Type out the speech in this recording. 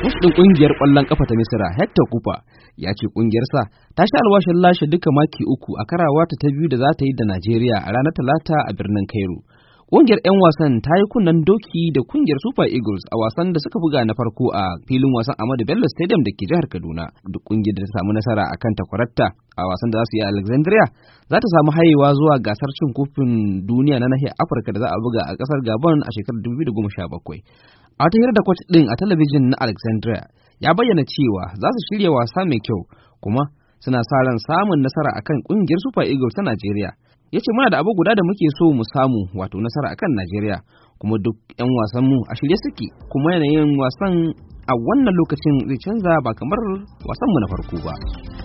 Kus ɗin ƙungiyar ƙwallon ƙafa ta Misira Hector Cooper ya ce ƙungiyarsa ta sha alwashin lashe duka maki uku a karawa ta biyu da za ta yi da Najeriya a ranar Talata a birnin Cairo. Ƙungiyar 'yan wasan ta yi kunnen doki da ƙungiyar Super Eagles a wasan da suka buga na farko a filin wasan Ahmadu Bello Stadium da ke jihar Kaduna. Duk ƙungiyar da ta samu nasara a kan takwaratta a wasan da za su yi a Alexandria za ta samu hayewa zuwa gasar cin kofin duniya na nahiyar Afirka da za a buga a ƙasar Gabon a shekarar 2017. A wata hira da kwat ɗin a talabijin na Alexandria ya bayyana cewa za su shirya wasa mai kyau kuma suna sa ran samun nasara akan ƙungiyar Super Eagles ta Najeriya. Ya ce muna da abu guda da muke so mu samu wato nasara akan Najeriya kuma duk 'yan wasan mu a shirye suke kuma yanayin wasan a wannan lokacin zai canza ba kamar wasanmu na farko ba.